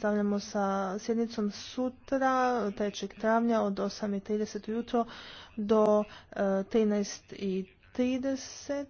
Stavljamo sa sjednicom sutra 3. travnja od 8.30 jutro do 13.30 eh,